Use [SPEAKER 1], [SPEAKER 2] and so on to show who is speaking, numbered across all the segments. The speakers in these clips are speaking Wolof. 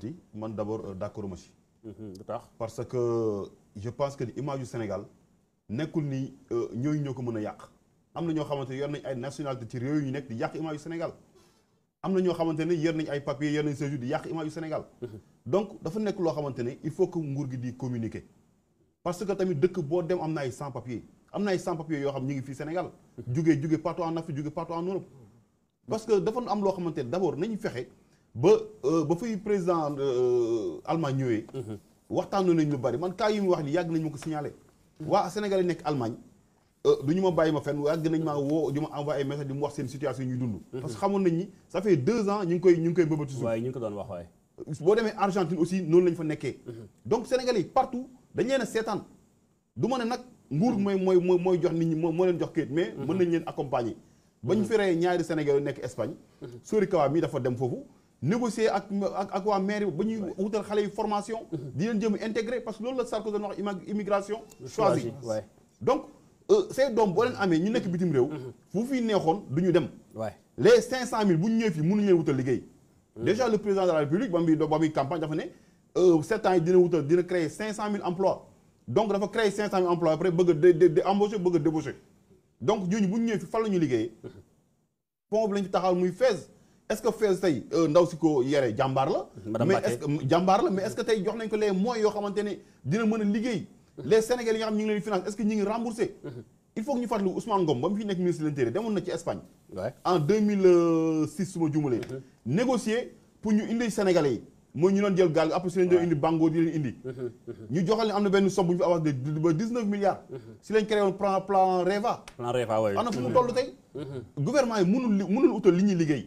[SPEAKER 1] di man d' abord euh, d' accord mhm, parce que je pense que l'image du Sénégal nekkul ni euh, ñooñu ñoo ko mën a yàq am na ñoo xamante ne yor nañ ay nationalité ci réew yu nekk di yàq image yu Sénégal am na ñoo xamante ne yor nañ ay papiers yor nañ séjour di yàq image yu Sénégal. Mhm. donc dafa nekk loo xamante ne il faut que nguur gi di communiquer parce que tamit dëkk boo dem am na ay sans papiers am na ay sans papiers yoo xam ñu ngi fii Sénégal. Mhm. jugee jugee partout en Afrique jugee partout en Europe. parce que dafa am loo xamante ne d' abord nañu ba euh, ba président euh, Allemagne est mhm. waxtaanoon bari man Quand wax ni signalé. Sénégalais Allemagne. que euh, fenn m'a que vous message vous wax situation mhm. parce que que ça fait deux ans ñu nous koy ñu koy bëbëtu suuf. ñu ko wax Argentine aussi lañ fa mhm. donc Sénégal partout dañ leen a du ma ne nag nguur vous mooy mooy jox nit ñi leen mais. nañ leen accompagner. vous ñaari Sénégal Espagne. Sori Kawa mi dafa dem négocier avec la maire, pour les une formation, pour mm-hmm. les intégrer, parce que c'est ce que de avons immigration choisi. Donc, c'est donc bon ami, nous sommes victimes de vous, vous venez de nous les 500 000, vous venez de nous dire, vous venez Déjà, le président de la République, dans une campagne, il a fait ans, il a créé 500 000 emplois. Donc, il faut créer 500 000 emplois, après, il a Donc, il faut débauché. Donc, nous, vous il faut nous dire, pour vous venez de nous dire, est-ce que Fès tay euh, ndaw yéré jambar la. mais est-ce que jambar la mais est-ce que tay jox nañ ko les moyens yo xamante dina mën a liggéey. les Sénégalais yi nga xam ñu ngi leen finance est-ce que ñi ngi rembourser il faut que ñu fatlu Ousmane Ngom bam fi nek ministre de l'Intérieur demoon na ci Espagne. en 2006 suma ma mhm. négocier pour ñu indi Sénégalais yi. ñu doon jël gal après si lañ indi bango di leen indi. Mhm. Mhm. ñu joxal ne am na benn somme bu ñu fi avancé ba 19 milliards. si leen créé woon plan plan REVA.
[SPEAKER 2] plan REVA waaye ana fu mu toll tay
[SPEAKER 1] gouvernement yi mënul mënul utal li ñuy liggéey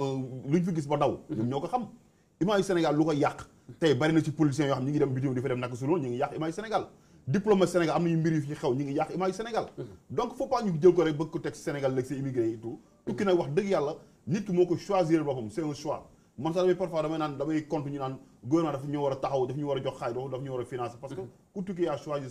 [SPEAKER 1] Euh, luñ fi gis ba daw ñoo ko xam image Sénégal lu ko yàq tey bari na ci yoo xam ñi ngi dem bitim di dem naka su loolu ñu ngi yàq image yu Sénégal donc faut ñu jël ko rek bëgg ko teg Sénégal léegi si immigré yi tukki nag wax dëgg yàlla nit moo ko choisir boppam c'est un choix man sax damay parfois damay naan damay compte ñu naan gouvernement dafa ñu war a taxaw daf ñu war a jox xaalis daf ñu war a financer parce que ku tukki yaa choisir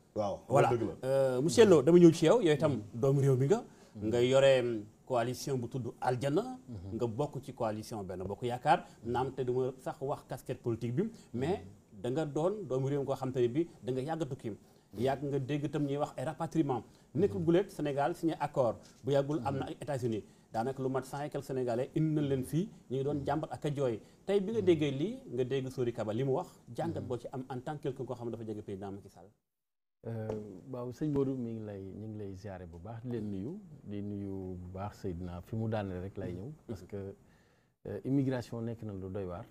[SPEAKER 2] waaw voilà euh, monsieur Lo dama ñëw ci yow yooyu itam doomu réew mi nga. nga yore mm, coalition bu tudd Aljana. Mhm. nga bokk ci coalition benn bokk yaakaar naam te duma sax wax casquette politique bi mais mhm. da nga doon doomu réew mi koo xam te ne bi da nga yàgg tukki. Mhm. yàgg nga dégg tam ñuy wax ay rapatriement nekk guleet Sénégal signé accord bu yàggul am na ay États-Unis daanaka lu mat cent et quelques indi na leen fii ñu ngi doon jàmbat ak a jooy tey bi nga déggee lii nga dégg Sori Kaba li mu wax jàngat boo ci am en tant que quelqu'un koo xam ne dafa jege président Macky baaw ehm, sëñ Modou mi ngi lay ñu ngi lay ziare bu baax leen nuyu di nuyu bu baax Seydina fi mu daanee rek lay ñëw parce que euh, immigration nekk na lu doy waar